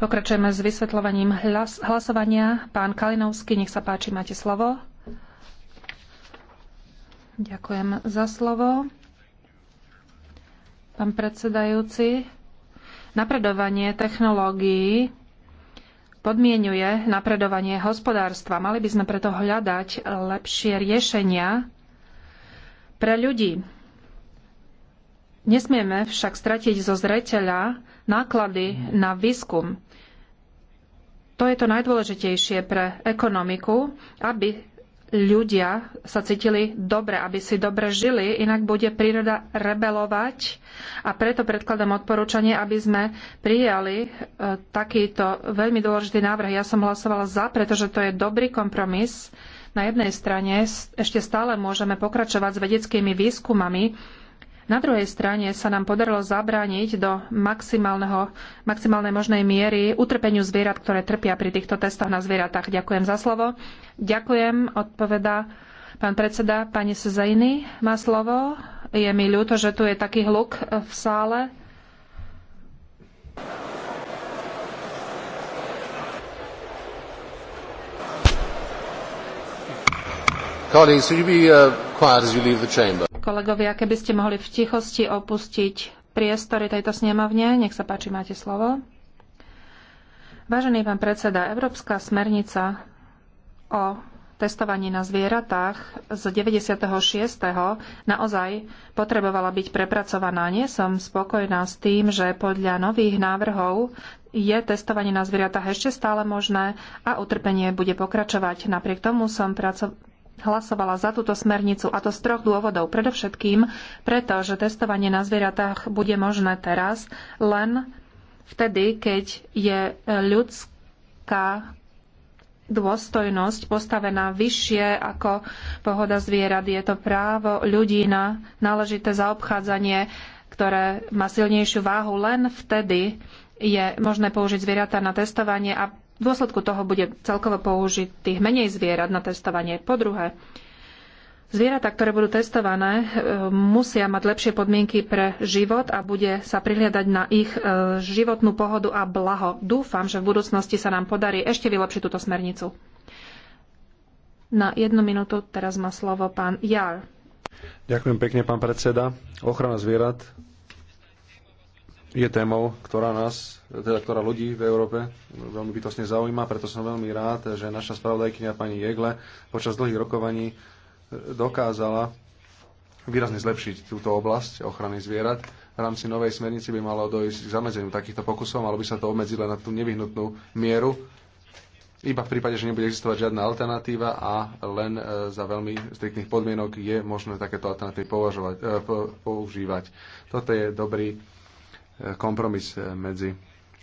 Pokračujeme s vysvetľovaním hlas- hlasovania. Pán Kalinovský, nech sa páči, máte slovo. Ďakujem za slovo. Pán predsedajúci, napredovanie technológií podmienuje napredovanie hospodárstva. Mali by sme preto hľadať lepšie riešenia pre ľudí Nesmieme však stratiť zo zreteľa náklady na výskum. To je to najdôležitejšie pre ekonomiku, aby ľudia sa cítili dobre, aby si dobre žili, inak bude príroda rebelovať a preto predkladám odporúčanie, aby sme prijali e, takýto veľmi dôležitý návrh. Ja som hlasovala za, pretože to je dobrý kompromis. Na jednej strane ešte stále môžeme pokračovať s vedeckými výskumami, na druhej strane sa nám podarilo zabrániť do maximálnej možnej miery utrpeniu zvierat, ktoré trpia pri týchto testoch na zvieratách. Ďakujem za slovo. Ďakujem, odpoveda pán predseda. Pani Sezajny má slovo. Je mi ľúto, že tu je taký hluk v sále. Colleagues, you be uh, quiet as you leave the chamber? Kolegovia, keby ste mohli v tichosti opustiť priestory tejto snemovne, nech sa páči, máte slovo. Vážený pán predseda, Európska smernica o testovaní na zvieratách z 96. naozaj potrebovala byť prepracovaná. Nie som spokojná s tým, že podľa nových návrhov je testovanie na zvieratách ešte stále možné a utrpenie bude pokračovať. Napriek tomu som hlasovala za túto smernicu, a to z troch dôvodov. Predovšetkým preto, že testovanie na zvieratách bude možné teraz len vtedy, keď je ľudská dôstojnosť postavená vyššie ako pohoda zvierat. Je to právo ľudí na náležité zaobchádzanie, ktoré má silnejšiu váhu len vtedy, je možné použiť zvieratá na testovanie a v dôsledku toho bude celkovo použitých menej zvierat na testovanie. Po druhé, zvieratá, ktoré budú testované, e, musia mať lepšie podmienky pre život a bude sa prihliadať na ich e, životnú pohodu a blaho. Dúfam, že v budúcnosti sa nám podarí ešte vylepšiť túto smernicu. Na jednu minútu teraz má slovo pán Jar. Ďakujem pekne, pán predseda. Ochrana zvierat je témou, ktorá nás, teda ktorá ľudí v Európe veľmi bytosne zaujíma, preto som veľmi rád, že naša spravodajkynia pani Jegle počas dlhých rokovaní dokázala výrazne zlepšiť túto oblasť ochrany zvierat. V rámci novej smernice by malo dojsť k zamedzeniu takýchto pokusov, malo by sa to obmedziť len na tú nevyhnutnú mieru, iba v prípade, že nebude existovať žiadna alternatíva a len e, za veľmi striktných podmienok je možné takéto alternatívy e, používať. Toto je dobrý kompromis eh, medzi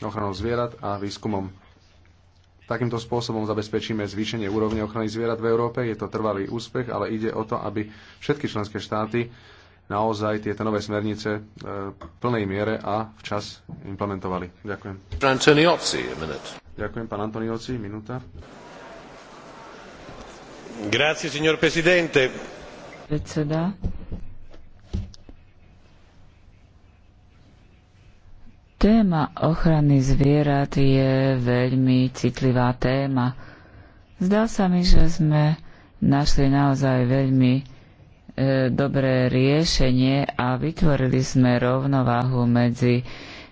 ochranou zvierat a výskumom. Takýmto spôsobom zabezpečíme zvýšenie úrovne ochrany zvierat v Európe. Je to trvalý úspech, ale ide o to, aby všetky členské štáty naozaj tieto nové smernice eh, v plnej miere a včas implementovali. Ďakujem. Ďakujem, pán Antonioci, minúta. Grazie, signor presidente. Predseda. Téma ochrany zvierat je veľmi citlivá téma. Zdá sa mi, že sme našli naozaj veľmi e, dobré riešenie a vytvorili sme rovnováhu medzi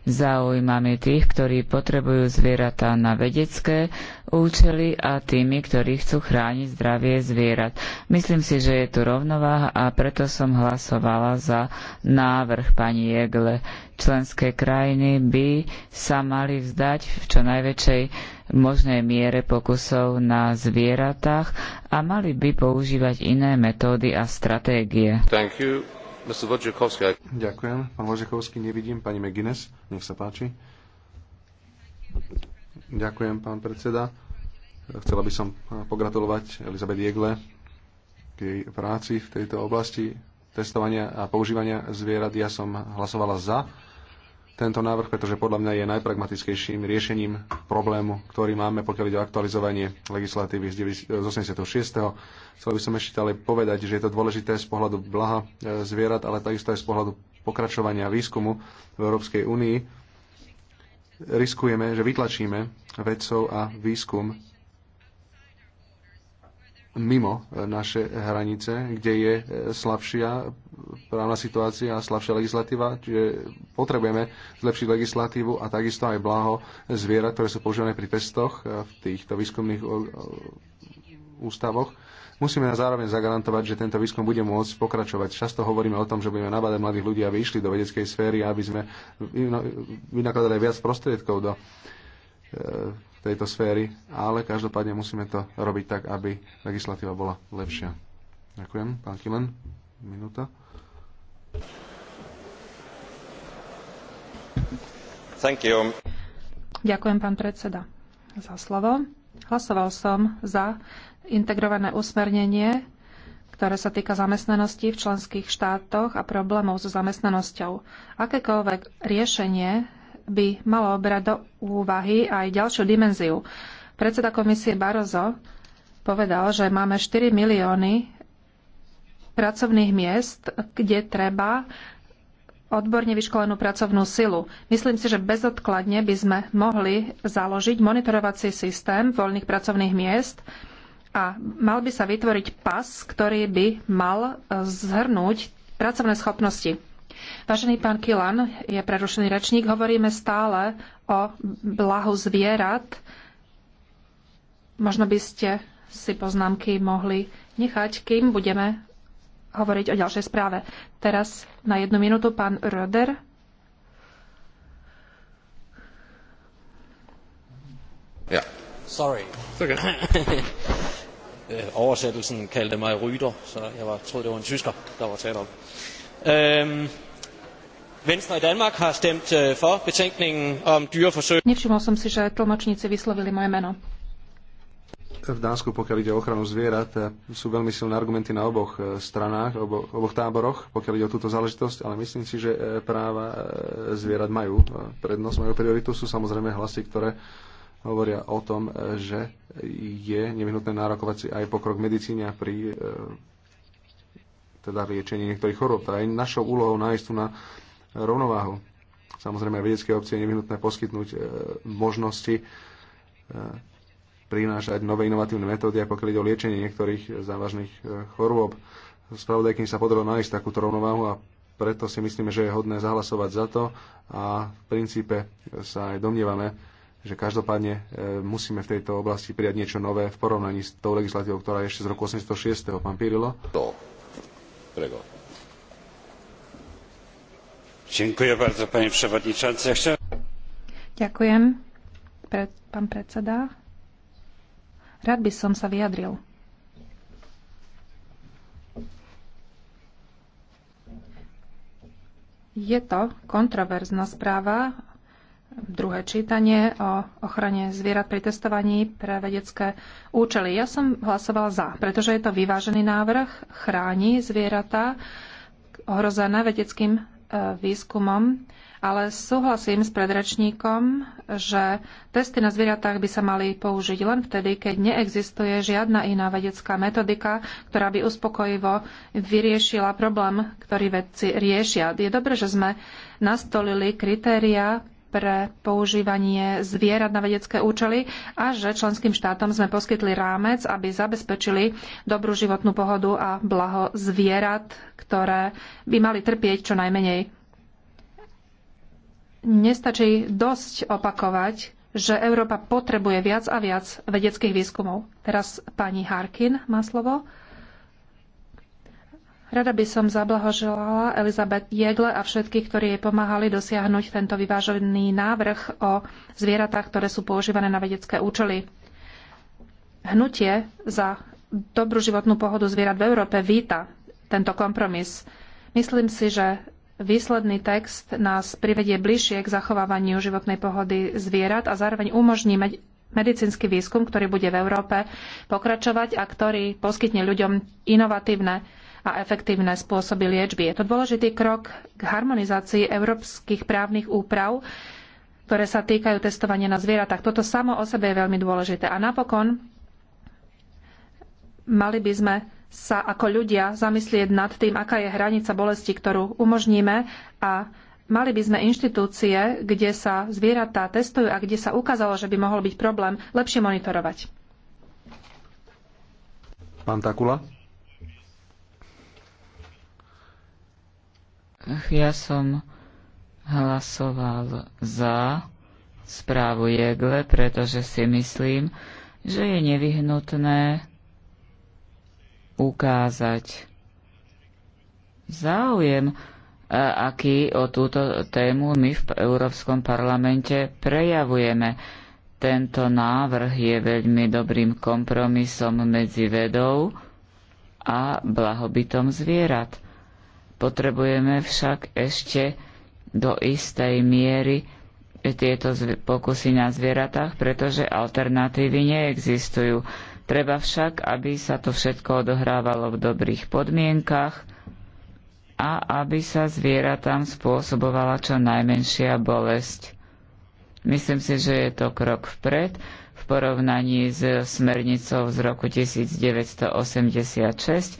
záujmami tých, ktorí potrebujú zvieratá na vedecké účely a tými, ktorí chcú chrániť zdravie zvierat. Myslím si, že je tu rovnováha a preto som hlasovala za návrh pani Jegle. Členské krajiny by sa mali vzdať v čo najväčšej možnej miere pokusov na zvieratách a mali by používať iné metódy a stratégie. Thank you. Ďakujem. Pán Wojciechowski, nevidím. Pani McGuinness, nech sa páči. Ďakujem, pán predseda. Chcela by som eh, pogratulovať Elizabeth Jegle k jej práci v tejto oblasti testovania a používania zvierat. Ja som hlasovala za tento návrh, pretože podľa mňa je najpragmatickejším riešením problému, ktorý máme, pokiaľ ide o aktualizovanie legislatívy z 86. Chcel by som ešte ale povedať, že je to dôležité z pohľadu blaha eh, zvierat, ale takisto aj z pohľadu pokračovania výskumu v Európskej únii riskujeme, že vytlačíme vedcov a výskum mimo e, naše hranice, kde je e, slabšia právna situácia a slabšia legislatíva, čiže potrebujeme zlepšiť legislatívu a takisto aj blaho zvierat, ktoré sú používané pri testoch e, v týchto výskumných ústavoch, musíme zároveň zagarantovať, že tento výskum bude môcť pokračovať. Často hovoríme o tom, že budeme nabádať mladých ľudí, aby išli do vedeckej sféry, aby sme vynakladali viac prostriedkov do e, tejto sféry, ale každopádne musíme to robiť tak, aby legislatíva bola lepšia. Ďakujem. Pán Kilen, minúta. Thank you. Ďakujem, pán predseda, za slovo. Hlasoval som za integrované usmernenie, ktoré sa týka zamestnanosti v členských štátoch a problémov so zamestnanosťou. Akékoľvek riešenie by malo obrať do úvahy aj ďalšiu dimenziu. Predseda komisie Barozo povedal, že máme 4 milióny pracovných miest, kde treba odborne vyškolenú pracovnú silu. Myslím si, že bezodkladne by sme mohli založiť monitorovací systém voľných pracovných miest, a mal by sa vytvoriť pas, ktorý by mal e, zhrnúť pracovné schopnosti. Vážený pán Kilan, je prerušený rečník, hovoríme stále o blahu zvierat. Možno by ste si poznámky mohli nechať, kým budeme hovoriť o ďalšej správe. Teraz na jednu minútu pán Röder. Ja. Sorry. Okay. øh, oversættelsen kaldte mig Ryder, så jeg var, troede, det var en tysker, der var tale om. Øhm, Venstre i Danmark har stemt øh, for betænkningen om dyreforsøg. Nevšimol som si, že tlmočníci vyslovili moje meno. V Dánsku, pokiaľ ide o ochranu zvierat, eh, sú veľmi silné argumenty na oboch eh, stranách, obo, oboch táboroch, pokiaľ ide o túto záležitosť, ale myslím si, že eh, práva zvierat majú prednosť, majú prioritu. Sú samozrejme hlasy, ktoré hovoria o tom, e, že je nevyhnutné nárokovať si aj pokrok medicíne pri e, teda liečení niektorých chorób. Teda aj našou úlohou nájsť tu na rovnováhu. Samozrejme, vedecké obcie je nevyhnutné poskytnúť e, možnosti prinášať nové inovatívne metódy, ako pokiaľ ide o liečenie niektorých závažných chorôb. Spravodajkým sa podarilo nájsť takúto rovnováhu a preto si myslíme, že je hodné zahlasovať za to a v princípe sa aj domnievame, že každopádne e, musíme v tejto oblasti prijať niečo nové v porovnaní s tou legislatívou, ktorá je ešte z roku 806. Pán Pirilo. Prego. Ďakujem bardzo, pani przewodniczący. Ďakujem, pre, pán predseda. Rád by som sa vyjadril. Je to kontroverzná správa, druhé čítanie o ochrane zvierat pri testovaní pre vedecké účely. Ja som hlasovala za, pretože je to vyvážený návrh, chráni zvieratá ohrozené vedeckým e, výskumom, ale súhlasím s predrečníkom, že testy na zvieratách by sa mali použiť len vtedy, keď neexistuje žiadna iná vedecká metodika, ktorá by uspokojivo vyriešila problém, ktorý vedci riešia. Je dobré, že sme nastolili kritéria pre používanie zvierat na vedecké účely a že členským štátom sme poskytli rámec, aby zabezpečili dobrú životnú pohodu a blaho zvierat, ktoré by mali trpieť čo najmenej. Nestačí dosť opakovať, že Európa potrebuje viac a viac vedeckých výskumov. Teraz pani Harkin má slovo. Rada by som zablahoželala Elizabeth Jegle a všetkých, ktorí jej pomáhali dosiahnuť tento vyvážený návrh o zvieratách, ktoré sú používané na vedecké účely. Hnutie za dobrú životnú pohodu zvierat v Európe víta tento kompromis. Myslím si, že výsledný text nás privedie bližšie k zachovávaniu životnej pohody zvierat a zároveň umožní medicínsky výskum, ktorý bude v Európe pokračovať a ktorý poskytne ľuďom inovatívne a efektívne spôsoby liečby. Je to dôležitý krok k harmonizácii európskych právnych úprav, ktoré sa týkajú testovania na zvieratách. Toto samo o sebe je veľmi dôležité. A napokon mali by sme sa ako ľudia zamyslieť nad tým, aká je hranica bolesti, ktorú umožníme a Mali by sme inštitúcie, kde sa zvieratá testujú a kde sa ukázalo, že by mohol byť problém, lepšie monitorovať. Pán Takula. Ja som hlasoval za správu Jegle, pretože si myslím, že je nevyhnutné ukázať záujem, aký o túto tému my v Európskom parlamente prejavujeme. Tento návrh je veľmi dobrým kompromisom medzi vedou a blahobytom zvierat. Potrebujeme však ešte do istej miery tieto pokusy na zvieratách, pretože alternatívy neexistujú. Treba však, aby sa to všetko odohrávalo v dobrých podmienkach a aby sa zvieratám spôsobovala čo najmenšia bolesť. Myslím si, že je to krok vpred v porovnaní s smernicou z roku 1986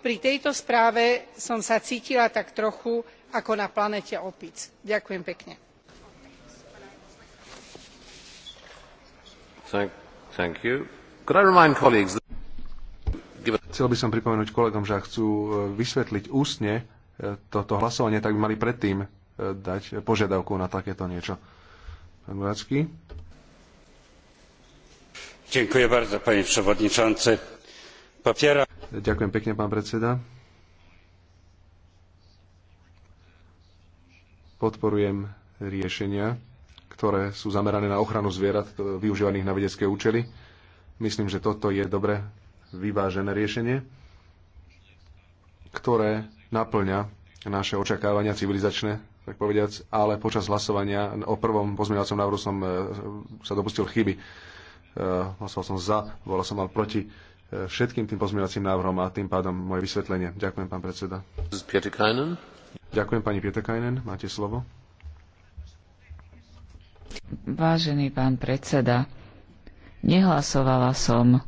pri tejto správe som sa cítila tak trochu ako na planéte opic. ďakujem pekne. chcel by som pripomenúť kolegom že ak chcú e, vysvetliť ústne e, toto hlasovanie tak by mali predtým e, dať požiadavku na takéto niečo. Pán Buracký. Dziękuję bardzo, panie przewodniczący. Popieram Ďakujem pekne, pán predseda. Podporujem riešenia, ktoré sú zamerané na ochranu zvierat využívaných na vedecké účely. Myslím, že toto je dobre vyvážené riešenie, ktoré naplňa naše očakávania civilizačné, tak povediac, ale počas hlasovania o prvom pozmeňovacom návrhu som e, sa dopustil chyby. E, hlasoval som za, volal som mal proti všetkým tým pozmeňovacím návrhom a tým pádom moje vysvetlenie. Ďakujem, pán predseda. Ďakujem, pani Pietekainen. Máte slovo. Vážený pán predseda, nehlasovala som e,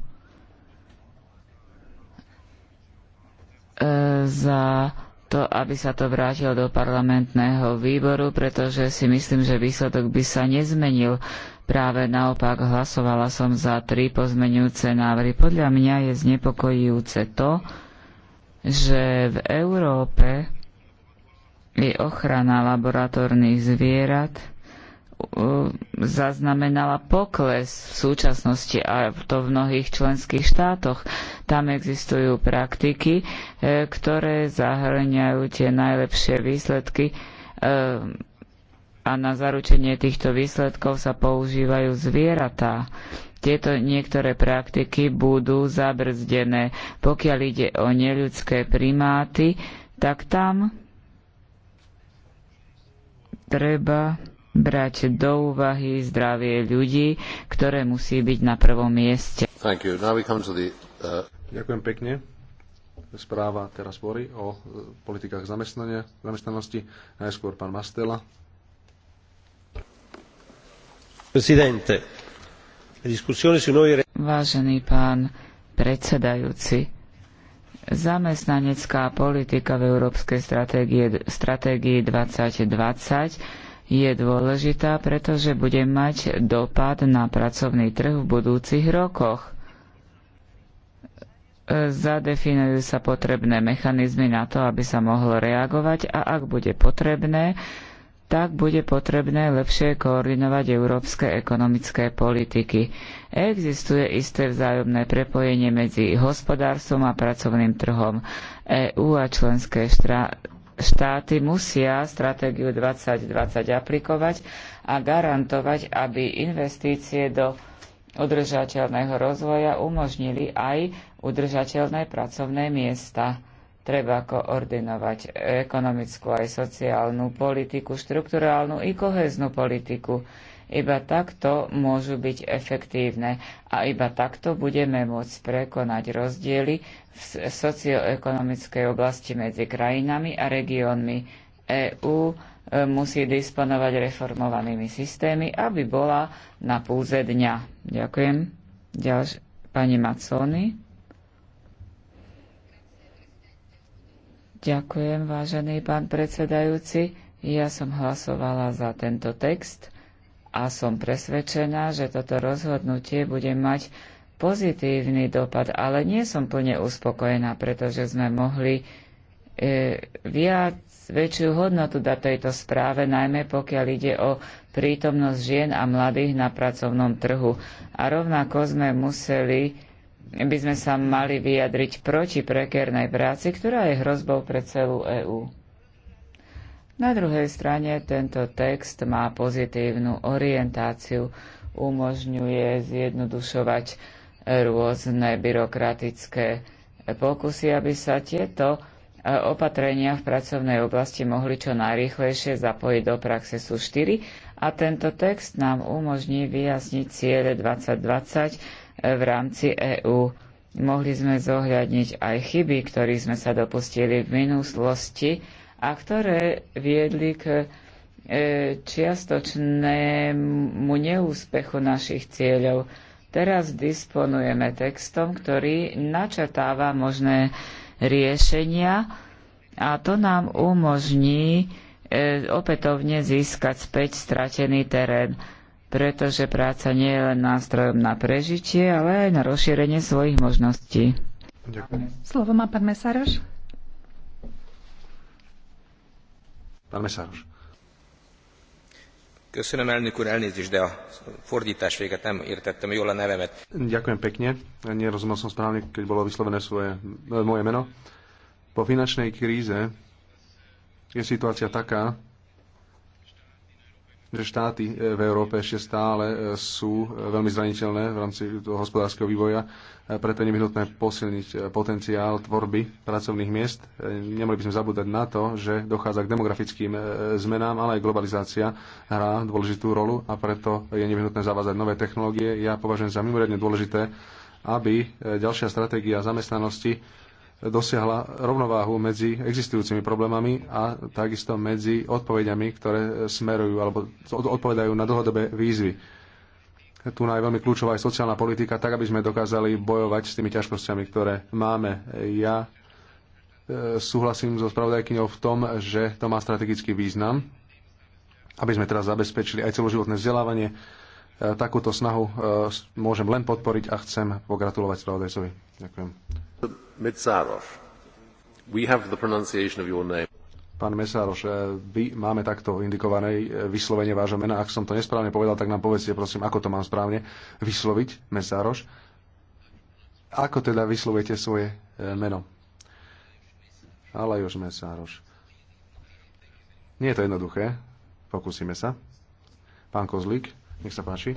za to, aby sa to vrátilo do parlamentného výboru, pretože si myslím, že výsledok by sa nezmenil. Práve naopak hlasovala som za tri pozmenujúce návrhy. Podľa mňa je znepokojujúce to, že v Európe je ochrana laboratórnych zvierat zaznamenala pokles v súčasnosti a to v mnohých členských štátoch. Tam existujú praktiky, e, ktoré zahrňajú tie najlepšie výsledky e, a na zaručenie týchto výsledkov sa používajú zvieratá. Tieto niektoré praktiky budú zabrzdené. Pokiaľ ide o neľudské primáty, tak tam treba brať do úvahy zdravie ľudí, ktoré musí byť na prvom mieste. The, uh... Ďakujem pekne. Správa teraz Bory o e, politikách zamestnania, zamestnanosti. Najskôr pán Mastela. Vážený pán predsedajúci, zamestnanecká politika v Európskej stratégii 2020 je dôležitá, pretože bude mať dopad na pracovný trh v budúcich rokoch. Zadefinujú sa potrebné mechanizmy na to, aby sa mohlo reagovať a ak bude potrebné, tak bude potrebné lepšie koordinovať európske ekonomické politiky. Existuje isté vzájomné prepojenie medzi hospodárstvom a pracovným trhom. EÚ a členské štáty musia stratégiu 2020 aplikovať a garantovať, aby investície do udržateľného rozvoja umožnili aj udržateľné pracovné miesta. Treba koordinovať ekonomickú aj sociálnu politiku, štrukturálnu i koheznú politiku. Iba takto môžu byť efektívne a iba takto budeme môcť prekonať rozdiely v socioekonomickej oblasti medzi krajinami a regiónmi. EÚ e, musí disponovať reformovanými systémy, aby bola na púze dňa. Ďakujem. Ďalšie. pani Maconi. Ďakujem, vážený pán predsedajúci. Ja som hlasovala za tento text a som presvedčená, že toto rozhodnutie bude mať pozitívny dopad, ale nie som plne uspokojená, pretože sme mohli e, viac, väčšiu hodnotu dať tejto správe, najmä pokiaľ ide o prítomnosť žien a mladých na pracovnom trhu. A rovnako sme museli by sme sa mali vyjadriť proti prekernej práci, ktorá je hrozbou pre celú EÚ. Na druhej strane tento text má pozitívnu orientáciu, umožňuje zjednodušovať rôzne byrokratické pokusy, aby sa tieto e, opatrenia v pracovnej oblasti mohli čo najrýchlejšie zapojiť do praxe sú 4 a tento text nám umožní vyjasniť ciele 2020 v rámci EÚ. Mohli sme zohľadniť aj chyby, ktorých sme sa dopustili v minulosti a ktoré viedli k e, čiastočnému neúspechu našich cieľov. Teraz disponujeme textom, ktorý načatáva možné riešenia a to nám umožní e, opätovne získať späť stratený terén pretože práca nie je len nástrojom na prežitie, ale aj na rozšírenie svojich možností. Ďakujem. Slovo má pán Mesaroš. Pán Mesaroš. Köszönöm, elnök úr, elnézést, de a fordítás véget nem értettem jól a nevemet. Ďakujem pekne. Nerozumel som správne, keď bolo vyslovené svoje, moje meno. Po finančnej kríze je situácia taká, že štáty e, v Európe ešte stále e, sú e, veľmi zraniteľné v rámci toho hospodárskeho vývoja, preto je nevyhnutné posilniť potenciál tvorby pracovných miest. Nemali by sme zabúdať na to, že dochádza k demografickým zmenám, ale aj globalizácia hrá dôležitú rolu a preto je nevyhnutné zavázať nové technológie. Ja považujem za mimoriadne dôležité, aby ďalšia stratégia zamestnanosti dosiahla rovnováhu medzi existujúcimi problémami a takisto medzi odpovediami, ktoré smerujú alebo odpovedajú na dlhodobé výzvy. Tu je veľmi kľúčová aj sociálna politika, tak aby sme dokázali bojovať s tými ťažkosťami, ktoré máme. Ja e, súhlasím so spravodajkyňou v tom, že to má strategický význam, aby sme teraz zabezpečili aj celoživotné vzdelávanie. E, takúto snahu e, môžem len podporiť a chcem pogratulovať spravodajcovi. Ďakujem. Pán Mesároš, eh, vy máme takto indikované eh, vyslovenie vášho mena. Ak som to nesprávne povedal, tak nám povedzte prosím, ako to mám správne vysloviť, Mesároš. Ako teda vyslovujete svoje eh, meno? Ale už Mesároš. Nie je to jednoduché. Pokúsime sa. Pán Kozlík, nech sa páči.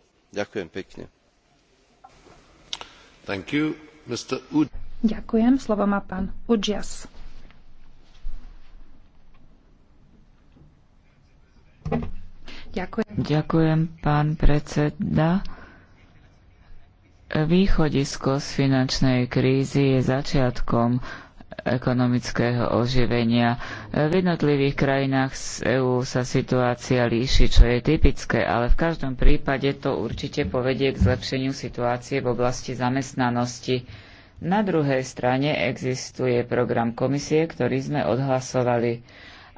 ďakujem pekne. Ďakujem. Slovo má pán Udžias. Ďakujem. Ďakujem, pán predseda. Východisko z finančnej krízy je začiatkom ekonomického oživenia. V jednotlivých krajinách z EÚ sa situácia líši, čo je typické, ale v každom prípade to určite povedie k zlepšeniu situácie v oblasti zamestnanosti. Na druhej strane existuje program komisie, ktorý sme odhlasovali.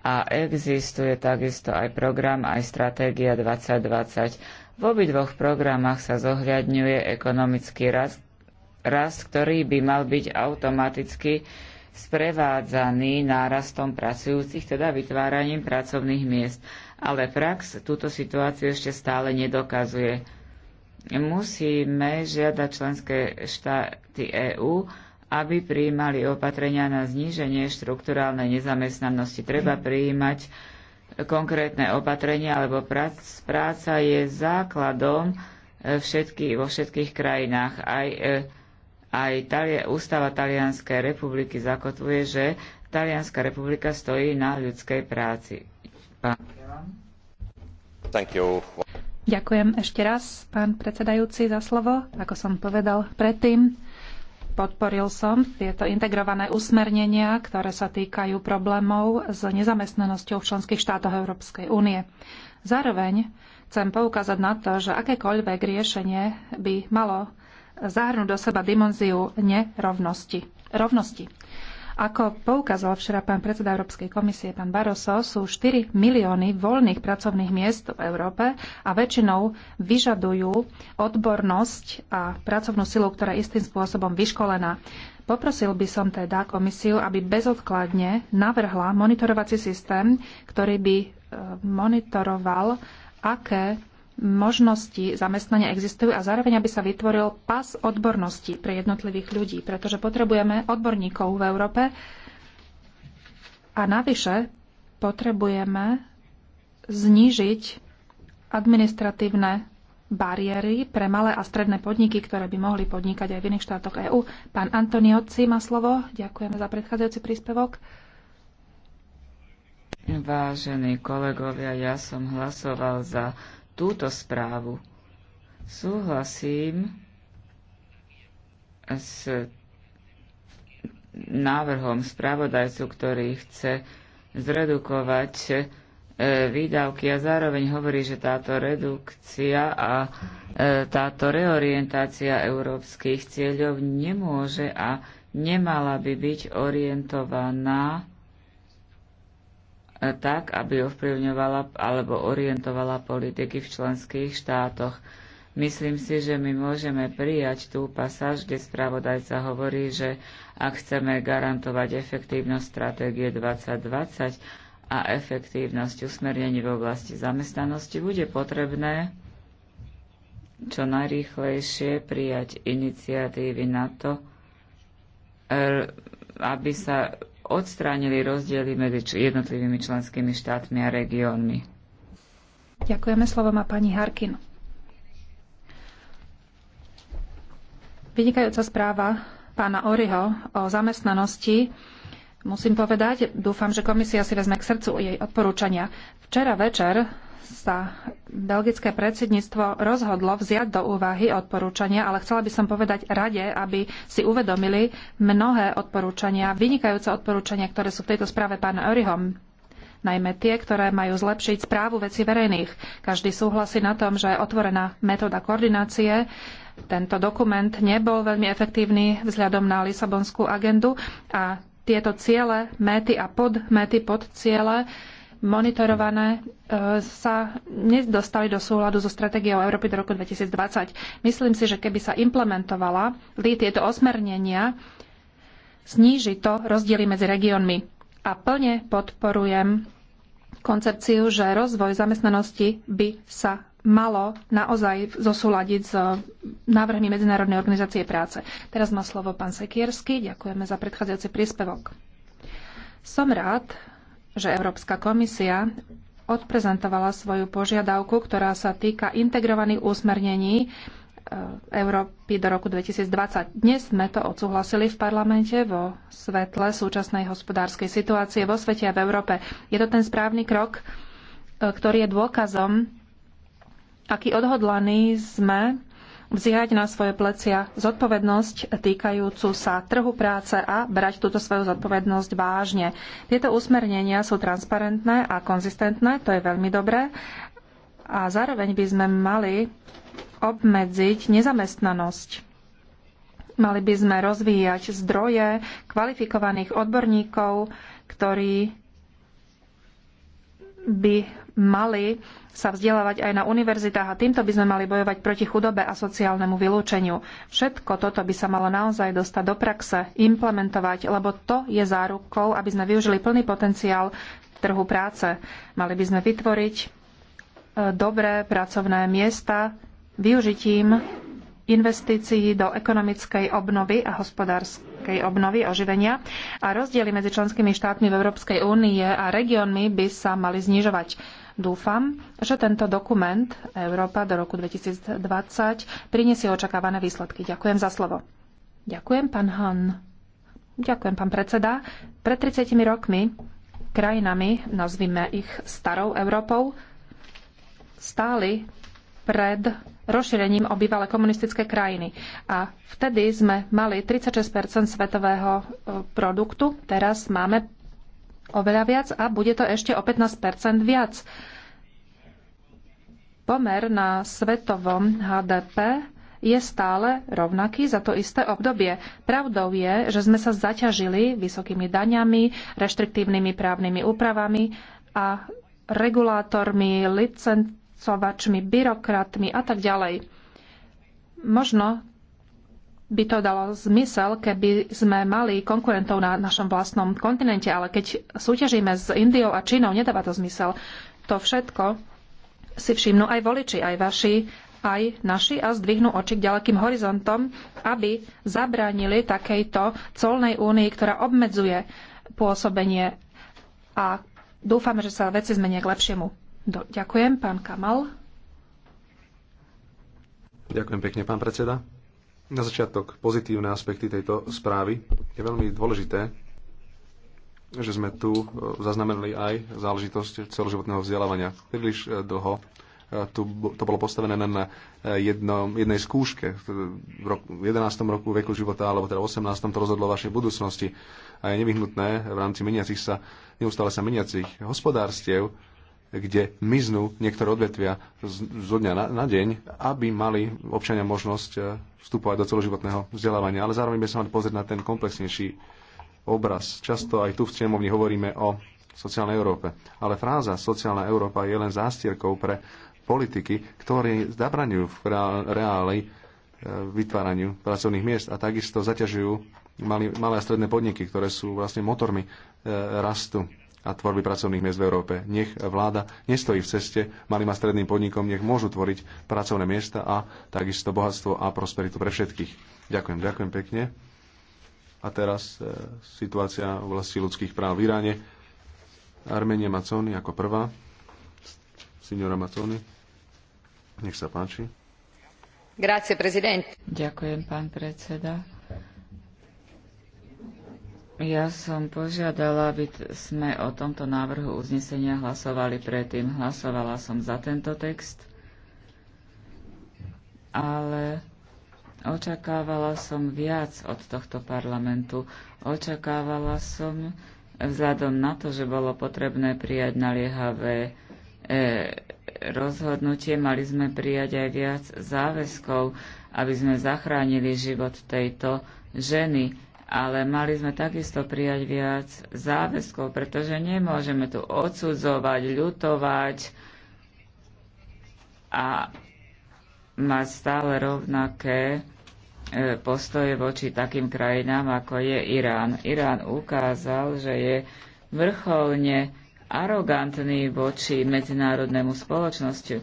A existuje takisto aj program, aj stratégia 2020. V obidvoch programách sa zohľadňuje ekonomický rast, rast ktorý by mal byť automaticky sprevádzaný nárastom pracujúcich, teda vytváraním pracovných miest. Ale prax túto situáciu ešte stále nedokazuje. Musíme žiadať členské štáty EÚ, aby prijímali opatrenia na zníženie štruktúrálnej nezamestnanosti. Treba prijímať konkrétne opatrenia, alebo práca je základom eh, všetky, vo všetkých krajinách. Aj e, aj Talia, ústava Talianskej republiky zakotvuje, že Talianská republika stojí na ľudskej práci. Pán Ďakujem ešte raz, pán predsedajúci, za slovo. Ako som povedal predtým, podporil som tieto integrované usmernenia, ktoré sa týkajú problémov s nezamestnanosťou v členských štátoch Európskej únie. Zároveň chcem poukázať na to, že akékoľvek riešenie by malo zahrnúť do seba dimenziu nerovnosti. Rovnosti. Ako poukázal včera pán predseda Európskej komisie, pán Barroso, sú 4 milióny voľných pracovných miest v Európe a väčšinou vyžadujú odbornosť a pracovnú silu, ktorá je istým spôsobom vyškolená. Poprosil by som teda komisiu, aby bezodkladne navrhla monitorovací systém, ktorý by e, monitoroval, aké možnosti zamestnania existujú a zároveň, aby sa vytvoril pas odbornosti pre jednotlivých ľudí, pretože potrebujeme odborníkov v Európe a navyše potrebujeme znížiť administratívne bariéry pre malé a stredné podniky, ktoré by mohli podnikať aj v iných štátoch EÚ. Pán Cí má slovo. Ďakujeme za predchádzajúci príspevok. Vážení kolegovia, ja som hlasoval za túto správu. Súhlasím s návrhom spravodajcu, ktorý chce zredukovať e, výdavky a zároveň hovorí, že táto redukcia a e, táto reorientácia európskych cieľov nemôže a nemala by byť orientovaná tak, aby ovplyvňovala alebo orientovala politiky v členských štátoch. Myslím si, že my môžeme prijať tú pasáž, kde spravodajca hovorí, že ak chceme garantovať efektívnosť stratégie 2020 a efektívnosť usmernení v oblasti zamestnanosti, bude potrebné čo najrýchlejšie prijať iniciatívy na to, er, aby sa odstránili rozdiely medzi jednotlivými členskými štátmi a regiónmi. Ďakujeme slovo má pani Harkin. Vynikajúca správa pána Oriho o zamestnanosti. Musím povedať, dúfam, že komisia si vezme k srdcu jej odporúčania. Včera večer sa belgické predsedníctvo rozhodlo vziať do úvahy odporúčania, ale chcela by som povedať rade, aby si uvedomili mnohé odporúčania, vynikajúce odporúčania, ktoré sú v tejto správe pána Eurihom najmä tie, ktoré majú zlepšiť správu veci verejných. Každý súhlasí na tom, že otvorená metóda koordinácie tento dokument nebol veľmi efektívny vzhľadom na Lisabonskú agendu a tieto ciele, méty a podmety pod ciele monitorované, e, sa nedostali do súladu so stratégiou Európy do roku 2020. Myslím si, že keby sa implementovala tieto osmernenia, zníži to rozdiely medzi regiónmi. A plne podporujem koncepciu, že rozvoj zamestnanosti by sa malo naozaj zosúľadiť s návrhmi Medzinárodnej organizácie práce. Teraz má slovo pán Sekiersky. Ďakujeme za predchádzajúci príspevok. Som rád, že Európska komisia odprezentovala svoju požiadavku, ktorá sa týka integrovaných úsmernení e, Európy do roku 2020. Dnes sme to odsúhlasili v parlamente vo svetle súčasnej hospodárskej situácie vo svete a v Európe. Je to ten správny krok, e, ktorý je dôkazom, aký odhodlaní sme vziať na svoje plecia zodpovednosť týkajúcu sa trhu práce a brať túto svoju zodpovednosť vážne. Tieto usmernenia sú transparentné a konzistentné, to je veľmi dobré. A zároveň by sme mali obmedziť nezamestnanosť. Mali by sme rozvíjať zdroje kvalifikovaných odborníkov, ktorí by mali sa vzdelávať aj na univerzitách a týmto by sme mali bojovať proti chudobe a sociálnemu vylúčeniu. Všetko toto by sa malo naozaj dostať do praxe, implementovať, lebo to je zárukou, aby sme využili plný potenciál trhu práce. Mali by sme vytvoriť e, dobré pracovné miesta využitím investícií do ekonomickej obnovy a hospodárskej obnovy oživenia a rozdiely medzi členskými štátmi v Európskej únie a regiónmi by sa mali znižovať Dúfam, že tento dokument Európa do roku 2020 priniesie očakávané výsledky. Ďakujem za slovo. Ďakujem, pán Han. Ďakujem, pán predseda. Pred 30 rokmi krajinami, nazvime ich starou Európou, stáli pred rozšírením o bývalé komunistické krajiny. A vtedy sme mali 36 svetového e, produktu, teraz máme oveľa viac a bude to ešte o 15 viac. Pomer na svetovom HDP je stále rovnaký za to isté obdobie. Pravdou je, že sme sa zaťažili vysokými daňami, reštriktívnymi právnymi úpravami a regulátormi, licencovačmi, byrokratmi a tak ďalej. Možno by to dalo zmysel, keby sme mali konkurentov na našom vlastnom kontinente, ale keď súťažíme s Indiou a Čínou, nedáva to zmysel. To všetko si všimnú aj voliči, aj vaši, aj naši a zdvihnú oči k ďalekým horizontom, aby zabránili takejto colnej únii, ktorá obmedzuje pôsobenie a dúfame, že sa veci zmenia k lepšiemu. Do, ďakujem, pán Kamal. Ďakujem pekne, pán predseda na začiatok pozitívne aspekty tejto správy. Je veľmi dôležité, že sme tu e, zaznamenali aj záležitosť celoživotného vzdelávania. Príliš e, dlho e, tu, to bolo postavené na jedno, jednej skúške v roku, 11. roku veku života, alebo teda 18. to rozhodlo vašej budúcnosti a je nevyhnutné v rámci meniacich sa, neustále sa meniacich hospodárstiev kde miznú niektoré odvetvia zo dňa na, na deň, aby mali občania možnosť e, vstupovať do celoživotného vzdelávania. Ale zároveň by sa mali pozrieť na ten komplexnejší obraz. Často aj tu v Snemovni hovoríme o sociálnej Európe. Ale fráza sociálna Európa je len zástierkou pre politiky, ktoré zabraňujú v reálej e, vytváraniu pracovných miest a takisto zaťažujú malé a stredné podniky, ktoré sú vlastne motormi e, rastu a tvorby pracovných miest v Európe. Nech vláda nestojí v ceste malým a stredným podnikom, nech môžu tvoriť pracovné miesta a takisto bohatstvo a prosperitu pre všetkých. Ďakujem, ďakujem pekne. A teraz e, situácia v oblasti ľudských práv v Iráne. Armenie Macóny ako prvá. Signora Macóny, nech sa páči. Grazie, prezident. Ďakujem, pán predseda. Ja som požiadala, aby sme o tomto návrhu uznesenia hlasovali predtým. Hlasovala som za tento text, ale očakávala som viac od tohto parlamentu. Očakávala som, vzhľadom na to, že bolo potrebné prijať naliehavé e, rozhodnutie, mali sme prijať aj viac záväzkov, aby sme zachránili život tejto ženy ale mali sme takisto prijať viac záväzkov, pretože nemôžeme tu odsudzovať, ľutovať a mať stále rovnaké e, postoje voči takým krajinám, ako je Irán. Irán ukázal, že je vrcholne arogantný voči medzinárodnému spoločnosťu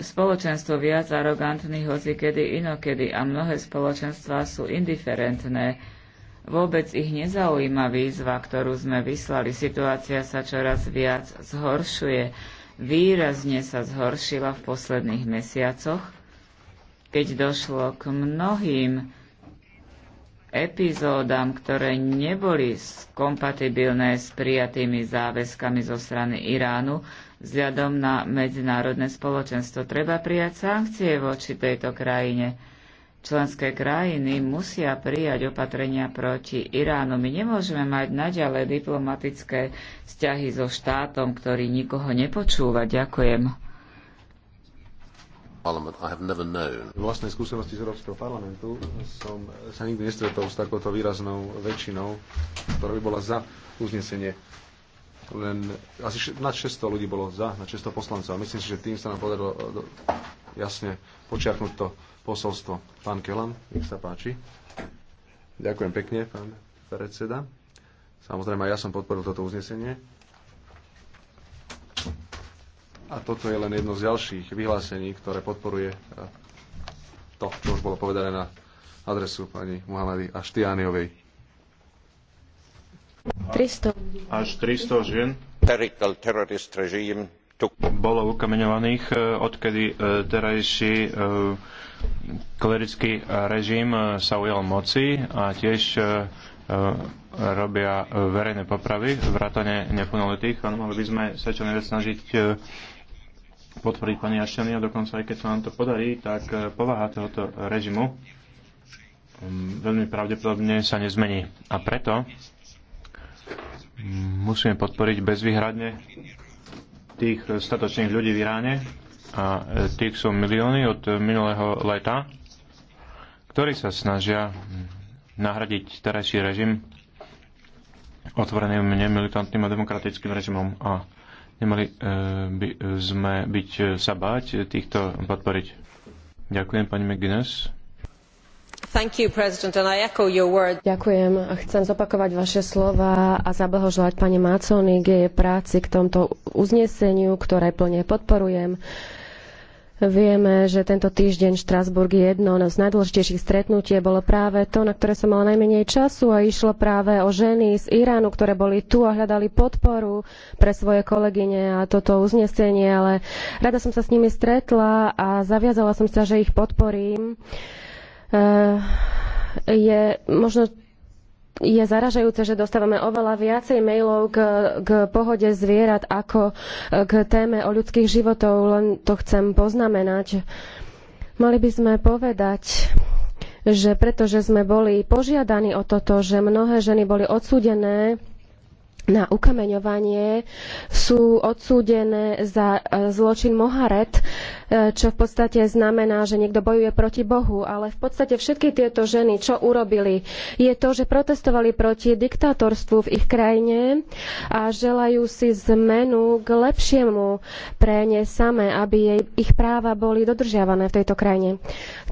spoločenstvo viac arogantných hoci kedy inokedy a mnohé spoločenstvá sú indiferentné Vôbec ich nezaujíma výzva, ktorú sme vyslali. Situácia sa čoraz viac zhoršuje. Výrazne sa zhoršila v posledných mesiacoch, keď došlo k mnohým epizódam, ktoré neboli kompatibilné s prijatými záväzkami zo strany Iránu vzhľadom na medzinárodné spoločenstvo. Treba prijať sankcie voči tejto krajine. Členské krajiny musia prijať opatrenia proti Iránu. My nemôžeme mať naďalej diplomatické vzťahy so štátom, ktorý nikoho nepočúva. Ďakujem. V vlastnej skúsenosti z Európskeho parlamentu som sa nikdy nestretol s takouto výraznou väčšinou, ktorá by bola za uznesenie len asi na 600 ľudí bolo za, na 600 poslancov. A myslím si, že tým sa nám podarilo jasne počiarknúť to posolstvo. Pán Kelan, nech sa páči. Ďakujem pekne, pán predseda. Samozrejme, ja som podporil toto uznesenie. A toto je len jedno z ďalších vyhlásení, ktoré podporuje eh, to, čo už bolo povedané na adresu pani Muhamady Aštiániovej. Až 300 žien. Territorial terrorist regime bolo ukameňovaných, e, odkedy e, terajší e, klerický režim sa ujal moci a tiež robia verejné popravy, vrátane nepunolitých Áno, mali by sme sa čo najviac snažiť potvrdiť pani Ašteny a dokonca aj keď sa nám to podarí, tak povaha tohoto režimu um, veľmi pravdepodobne sa nezmení. A preto musíme podporiť bezvýhradne tých statočných ľudí v Iráne, a e, tých sú milióny od e, minulého leta, ktorí sa snažia hm, nahradiť terajší režim otvoreným nemilitantným a demokratickým režimom a nemali e, by sme byť sa báť týchto podporiť. Ďakujem pani McGuinness. Ďakujem. A Chcem zopakovať vaše slova a zablahoželať pani Maconi k jej práci k tomto uzneseniu, ktoré plne podporujem. Vieme, že tento týždeň Štrasburg je jedno z najdôležitejších stretnutí. Bolo práve to, na ktoré som mala najmenej času a išlo práve o ženy z Iránu, ktoré boli tu a hľadali podporu pre svoje kolegyne a toto uznesenie, ale rada som sa s nimi stretla a zaviazala som sa, že ich podporím. Eh, je možno je zaražajúce, že dostávame oveľa viacej mailov k, k pohode zvierat ako eh, k téme o ľudských životov, len to chcem poznamenať. Mali by sme povedať, že pretože sme boli požiadaní o toto, že mnohé ženy boli odsúdené na ukameňovanie sú odsúdené za e, zločin Moharet, e, čo v podstate znamená, že niekto bojuje proti Bohu. Ale v podstate všetky tieto ženy, čo urobili, je to, že protestovali proti diktátorstvu v ich krajine a želajú si zmenu k lepšiemu pre ne samé, aby jej, ich práva boli dodržiavané v tejto krajine.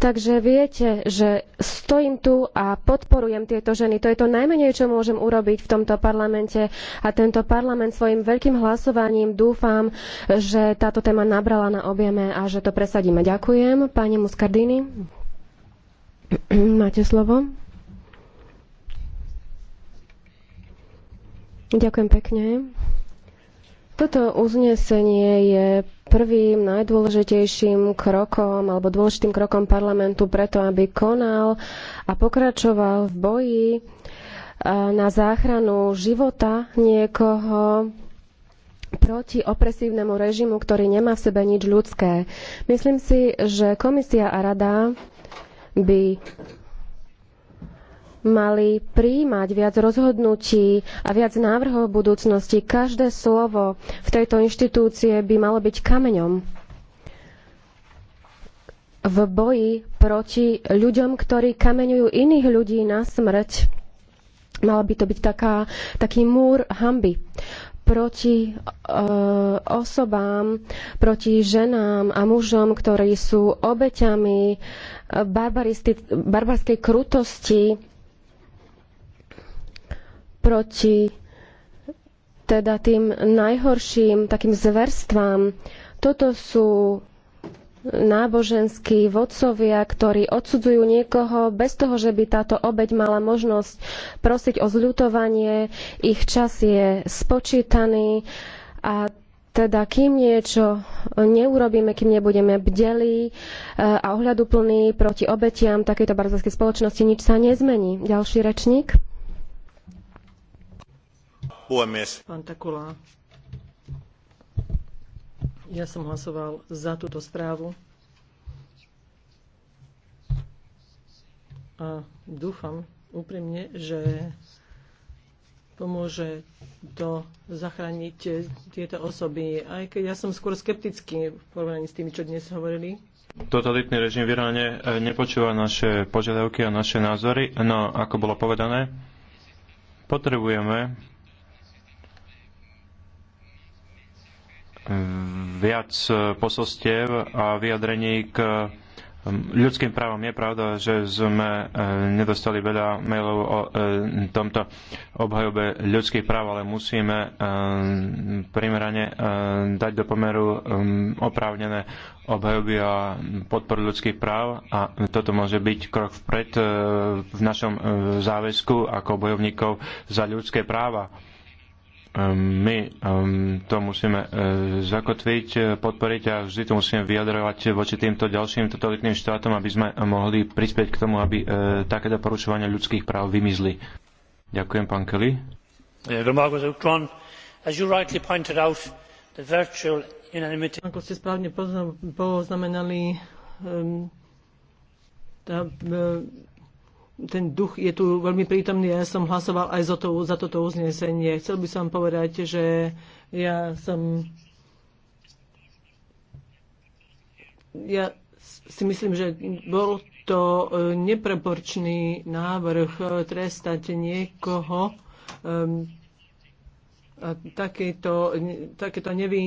Takže viete, že stojím tu a podporujem tieto ženy. To je to najmenej, čo môžem urobiť v tomto parlamente a tento parlament svojim veľkým hlasovaním dúfam, že táto téma nabrala na objeme a že to presadíme. Ďakujem. Pani Muscardini, máte slovo. Ďakujem pekne. Toto uznesenie je prvým najdôležitejším krokom alebo dôležitým krokom parlamentu preto, aby konal a pokračoval v boji na záchranu života niekoho proti opresívnemu režimu, ktorý nemá v sebe nič ľudské. Myslím si, že komisia a rada by mali príjmať viac rozhodnutí a viac návrhov v budúcnosti. Každé slovo v tejto inštitúcie by malo byť kameňom v boji proti ľuďom, ktorí kameňujú iných ľudí na smrť Mala by to byť taká, taký múr hamby proti e, osobám, proti ženám a mužom, ktorí sú obeťami e, barbarskej krutosti, proti teda tým najhorším takým zverstvám. Toto sú náboženskí vodcovia, ktorí odsudzujú niekoho bez toho, že by táto obeď mala možnosť prosiť o zľutovanie. Ich čas je spočítaný a teda kým niečo neurobíme, kým nebudeme bdeli e, a ohľaduplní proti obetiam takejto barzovskej spoločnosti, nič sa nezmení. Ďalší rečník. Puhemies. Pán Takula. Ja som hlasoval za túto správu. A dúfam úprimne, že pomôže to zachrániť tieto osoby. Aj keď ja som skôr skeptický v porovnaní s tými, čo dnes hovorili. Totalitný režim v Iráne e, nepočúva naše požiadavky a naše názory, no ako bolo povedané, potrebujeme viac eh, posolstiev a vyjadrení k ľudským právom. Je pravda, že sme eh, nedostali veľa mailov o eh, tomto obhajobe ľudských práv, ale musíme primerane dať do pomeru oprávnené obhajoby a podporu ľudských práv a toto môže byť krok vpred v našom záväzku ako bojovníkov za ľudské práva Ehm, my ehm, to musíme e, zakotviť, e, podporiť a vždy to musíme vyjadrovať voči týmto ďalším totalitným štátom, aby sme mohli prispieť k tomu, aby e, takéto porušovania ľudských práv vymizli. Ďakujem, pán Kelly. Ako ste správne poznamenali, ehm, tá ten duch je tu veľmi prítomný. Ja som hlasoval aj za, to, za toto uznesenie. Chcel by som povedať, že ja som... Ja si myslím, že bol to e, nepreporčný návrh e, trestať niekoho um, takéto, takéto nevy,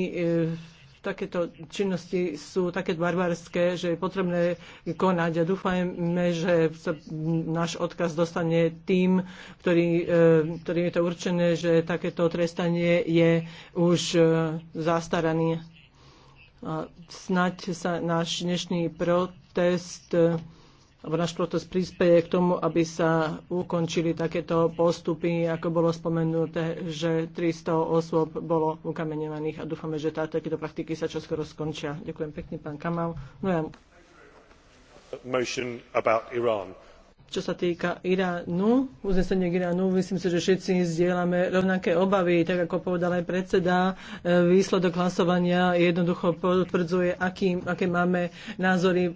takéto činnosti sú také barbarské, že je potrebné konať a dúfajme, že sa náš odkaz dostane tým, ktorý, e, ktorým je to určené, že takéto trestanie je už e, zastaraný. Snaď sa náš dnešný protest e, alebo náš protest prispieje k tomu, aby sa ukončili takéto postupy, ako bolo spomenuté, že 300 osôb bolo ukameňovaných a dúfame, že táto, takéto praktiky sa čoskoro skončia. Ďakujem pekne, pán Kamal. No ja čo sa týka Iránu, uznesenie k Iránu, myslím si, že všetci zdieľame rovnaké obavy, tak ako povedal aj predseda, e, výsledok hlasovania jednoducho potvrdzuje, aký, aké máme názory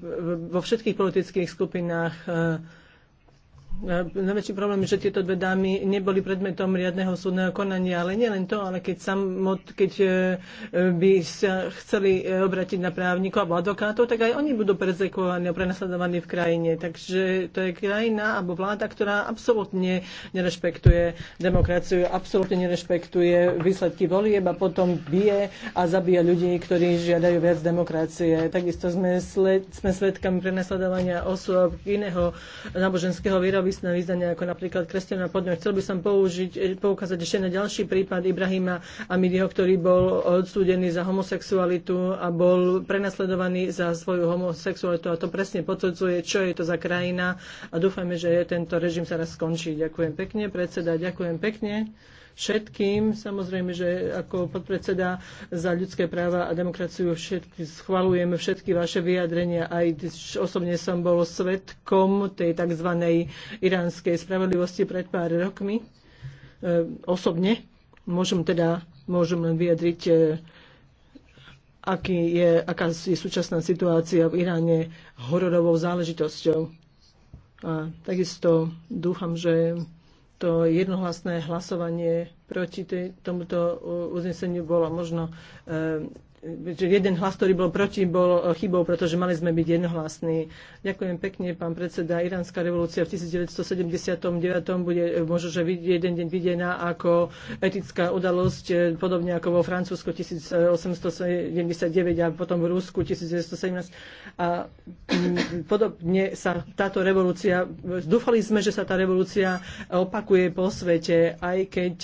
vo všetkých politických skupinách e, Najväčší problém je, že tieto dve dámy neboli predmetom riadneho súdneho konania, ale nielen to, ale keď, samot, keď e, e, by sa chceli e, obratiť na právnikov alebo advokátov, tak aj oni budú prezekovaní a prenasledovaní v krajine. Takže to je krajina alebo vláda, ktorá absolútne nerešpektuje demokraciu, absolútne nerešpektuje výsledky volieb a potom bije a zabíja ľudí, ktorí žiadajú viac demokracie. Takisto sme, sme svedkami prenasledovania osôb iného náboženského výroby nezávislé význania, ako napríklad kresťaná podňa. Chcel by som použiť, e, poukázať ešte na ďalší prípad Ibrahima Amidiho, ktorý bol odsúdený za homosexualitu a bol prenasledovaný za svoju homosexualitu. A to presne potvrdzuje, čo je to za krajina. A dúfame, že tento režim sa raz skončí. Ďakujem pekne, predseda, ďakujem pekne všetkým. Samozrejme, že ako podpredseda za ľudské práva a demokraciu všetky, schvalujem všetky vaše vyjadrenia. Aj osobne som bol svetkom tej tzv iránskej spravodlivosti pred pár rokmi. E, osobne môžem teda môžem len vyjadriť, e, aký je, aká je súčasná situácia v Iráne hororovou záležitosťou. A takisto dúfam, že to jednohlasné hlasovanie proti tomuto uzneseniu bolo možno e, že jeden hlas, ktorý bol proti, bol e, chybou, pretože mali sme byť jednohlasní. Ďakujem pekne, pán predseda. Iránska revolúcia v 1979 bude e, možno, že jeden deň videná ako etická udalosť, e, podobne ako vo Francúzsku 1879 a potom v Rusku 1917. A mm, podobne sa táto revolúcia, dúfali sme, že sa tá revolúcia opakuje po svete, aj keď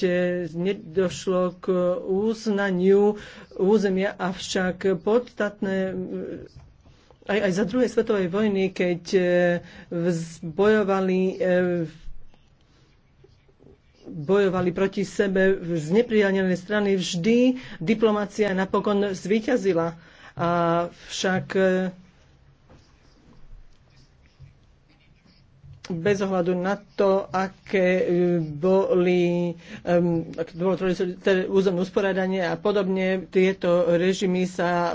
nedošlo k uznaniu územia a Avšak podstatné eh, aj, aj za druhej svetovej vojny, keď eh, bojovali eh, bojovali proti sebe z neprijanené strany, vždy diplomácia napokon zvíťazila. A však bez ohľadu na to, aké e, boli um, aké bolo územné usporiadanie a podobne, tieto režimy sa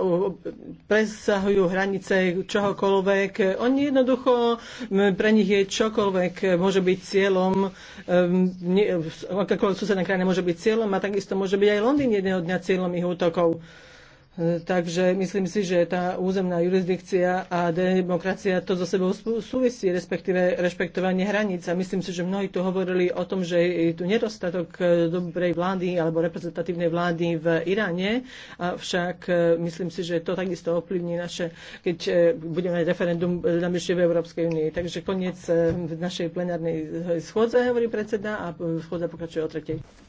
presahujú hranice čohokoľvek. Oni jednoducho, pre nich je čokoľvek, e, môže byť cieľom, um, akákoľvek susedná krajina môže byť cieľom a takisto môže byť aj Londýn jedného dňa cieľom ich útokov. Takže myslím si, že tá územná jurisdikcia a demokracia to so sebou súvisí, respektíve rešpektovanie hraníc. A myslím si, že mnohí tu hovorili o tom, že je tu nedostatok e, dobrej vlády alebo reprezentatívnej vlády v Iráne. Avšak e, myslím si, že to takisto ovplyvní naše, keď e, budeme mať referendum na v Európskej únii. Takže koniec našej plenárnej schôdze, hovorí predseda, a schôdza pokračuje o tretej.